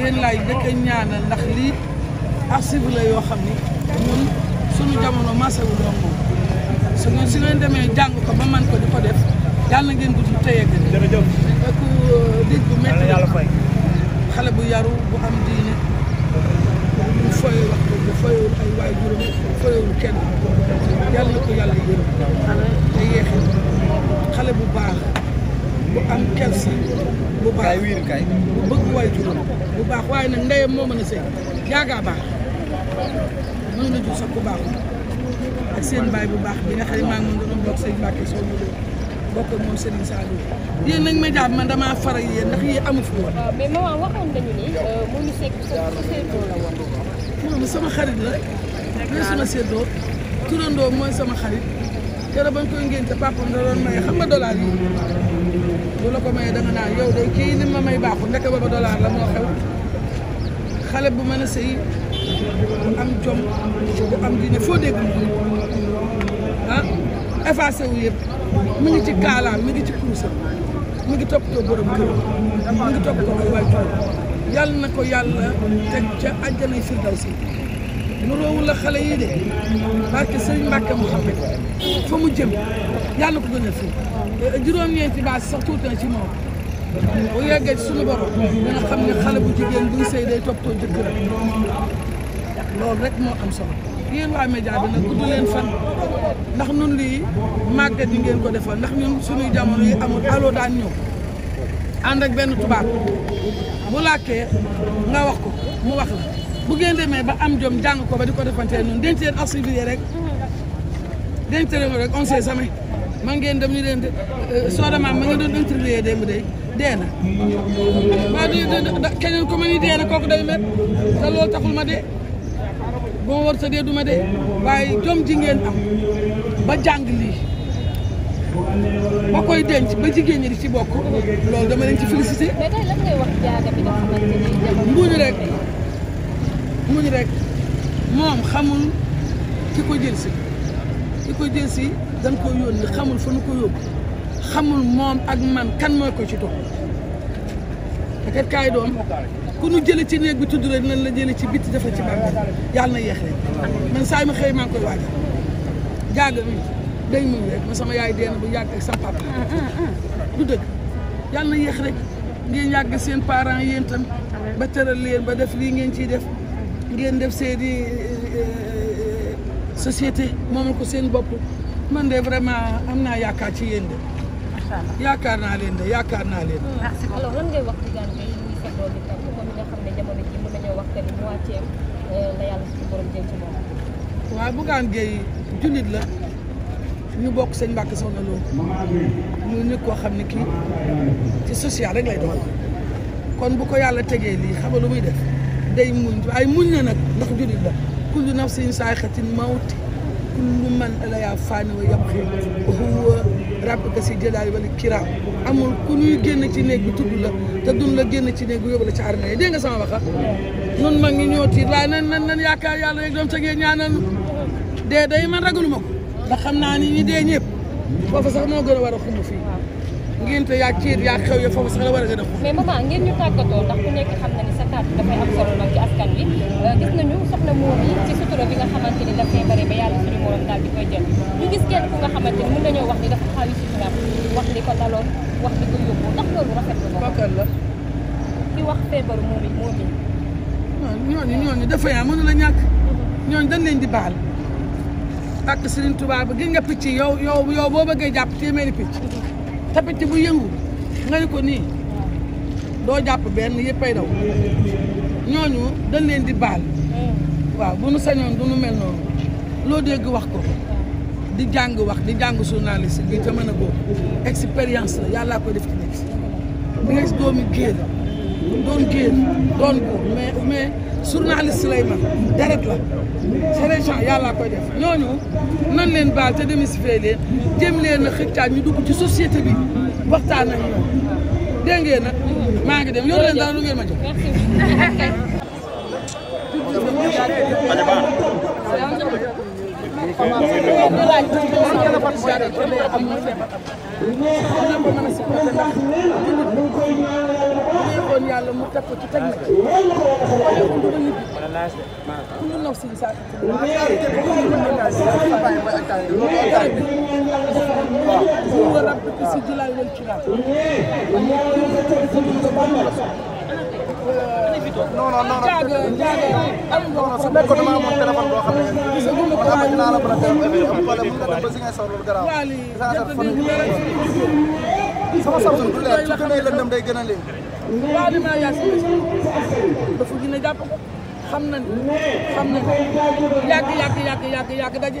yéen laay njëkk a ndax lii archive yoo xam ni ñun suñu jamono masawu doon moom su ngeen si ngeen demee jàng ko ba man ko di ko def yàlla ngeen gudd téye gën. jërëjëf fekk uh, nit bu yaru bu am diine bu ay waay juróom bu kenn yàlla ko yàlla yërëm te yeexee xale bu baax bu am kersa. bu baax bu bëgg way juróom bu baax waaye nag ndeyam moo mën a sëy yaagaa baax mën na jur sax bu baax ak seen baay bu baax bi nga xam ne maa ngi doon bokk sëñ Mbàkke soo mu bokk moom Serigne Saliou yéen nag ma jàpp man damaa faral yéen ndax yéen woon. Ah, mais maman euh, sama xarit la. mooy sama seetloo turandoo mooy sama xarit ba bañ koy ngénte papam da doon maye xam nga dollar yi. bu la ko mayee da nga yow de kii ni ma may baaxul ndeke booba dollar la moo xew xale bu mën a sëy bu am jom bu am dina foo dégg ah effacé wu yëpp mu ngi ci kaalaam mi ngi ci kuusa mu ngi toppatoo borom kër mi ngi toppatoo ay waajur yàlla na ko yàlla teg ca àjjana firdawsi nuroowul la xale yii de barke mu Mbàkke Muhammad fa mu jëm yàlla ko gën fi eh, juróom-ñeenti baas sax tuuti na ci moom bu yeggee ci suñu borom dina xam ne xale bu jigéen buy sëy day toppatoo jëkkër loolu rek moo am solo yéen waa média bi nag gudd leen fan ndax nun lii màggat yi ngeen ko defal ndax ñun suñuy jamono yi amul aloo daan ñëw ànd ak benn tubaab bu làkkee nga wax ko mu wax la bu ngeen demee ba am jom jàng ko ba di ko defantee noonu denc leen assuré rek denc leen rek on sait jamais man ngeen dem ñu leen euh, soo demaat ma nga doon interviewé démb day dee na waaw du ko ma ni dee na kooku day met te loolu ma dee bu ma war sa dee du ma de waaye jom ji ngeen am ba jàng lii ba koy denc ba jigéen ñi di ci bokk loolu dama leen ci félicité. mais rek. muñ rek moom xamul ci ko jël si ki ko jël si dañ ko yónni xamul fa nu ko yóbbu xamul moom ak man kan mooy ko ci topp takat doom ku nu jële ci néeg bi tudd rek nan la jële ci bitti dafa ci bànq yàlla na yeex rek man saa yi ma xëy maa ngi koy waajal sama yaay deen bu yàgg ak sama papa yàlla na yeex rek ngeen yàgg seen parents yéen tam ba tëral leen ba def lii ngeen ci def ngeen def seeni eh, eh, société moomal ko seen bopp man de vraiment am naa yaakaar ci yéen de. yaakaar naa leen de yaakaar naa leen. merci ah, beaucoup alors lan ngay wax eh, la yàlla jullit la ñu bokk sëñ Mbacke Soxna Lo ñu nit koo xam ne kii ci social rek lay doon kon bu ko yàlla tegee lii xam lu muy def. day muñ waaye muñ na nag ndax jurit la kullu nafsin saaxatin mawti kullu man alaya faani wa yabxi wa huwa rabbika si jëlaay wala kiraam amul ku ñuy génn ci néeg bi tudd la te dun la génn ci néeg bi yóbbu la ci armée dégg nga sama waxa ah? nun ma ngi ñoo tiit waaye nan nan nan yaakaar yàlla rek doom te ngeen ñaanal dee day man ragalu ma ko ndax xam naa ni ñi dee ñëpp foofa sax moo gën a war a fii ngénte yaa ceet yaa xew ya foofu sax la war a gën a mais maman ngeen ñu tàggatoo ndax ku nekk xam na ni sa kàddu dafay am solo lool ci askan wi euh, gis nañu soxna moom yi ci sutura bi nga xamante ni dafay bare ba yàlla suñu morom daal di koy jël ñu gis kenn ku nga xamante ni mën nañoo wax ni dafa xaw yi suturam wax li ko daloon wax li ko yóbbu ndax loolu rafet la ki wax feebaru moom yi moom yi ñooñu ñooñu dafa yaa mënu la ñàkk mhm. ñooñu dañ leen di baal ak Serigne Touba bi gis nga picc yow yow yow boo bëggee jàpp téeméeri picc mhm. tapiti bu yëngu ngay ko nii doo jàpp benn yëppay daw ñooñu dañ leen di baal waaw bu nu sañoon du nu mel noonu loo dégg wax ko di jàng wax di jàng journaliste bi ca mën a boobu expérience la yàllaa ko def ci nekk nga gis doomi géer doon géer doon góor mais mais journaliste lay man deret la c'est gens koy def ñooñu nan leen baal te démystifier leen leen a xëccaat ñu dugg ci société bi waxtaan ak ñoom dégg nag maa ngi dem yor leen dara lu ma jox. kon yàlla mu teg ko ci teg na ci. wala ku dugg nit ku ñu naw si sa. waaw yàlla def ko ñu mën naa si sa bàyyi ba attaay bi. waaw attaay bi. waaw mu nga rab ko si jilaay wal ci laal. non non non. jaaga jaaga am nga ko sa nekkoon dama amoon téléphone boo xam naa la mën a dem wala mën nga dem ba Ziguinchor loolu garaaw sama Samsung du leer su gënee lëndëm day gën a leer waaw damaa yaa si dafa gën a jàpp ko xam nañ xam nañ yàgg yàgg yàgg yàgg yàgg daje